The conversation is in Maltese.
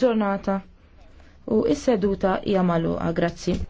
ġurnata u is-seduta hija magħluqa. Grazzi.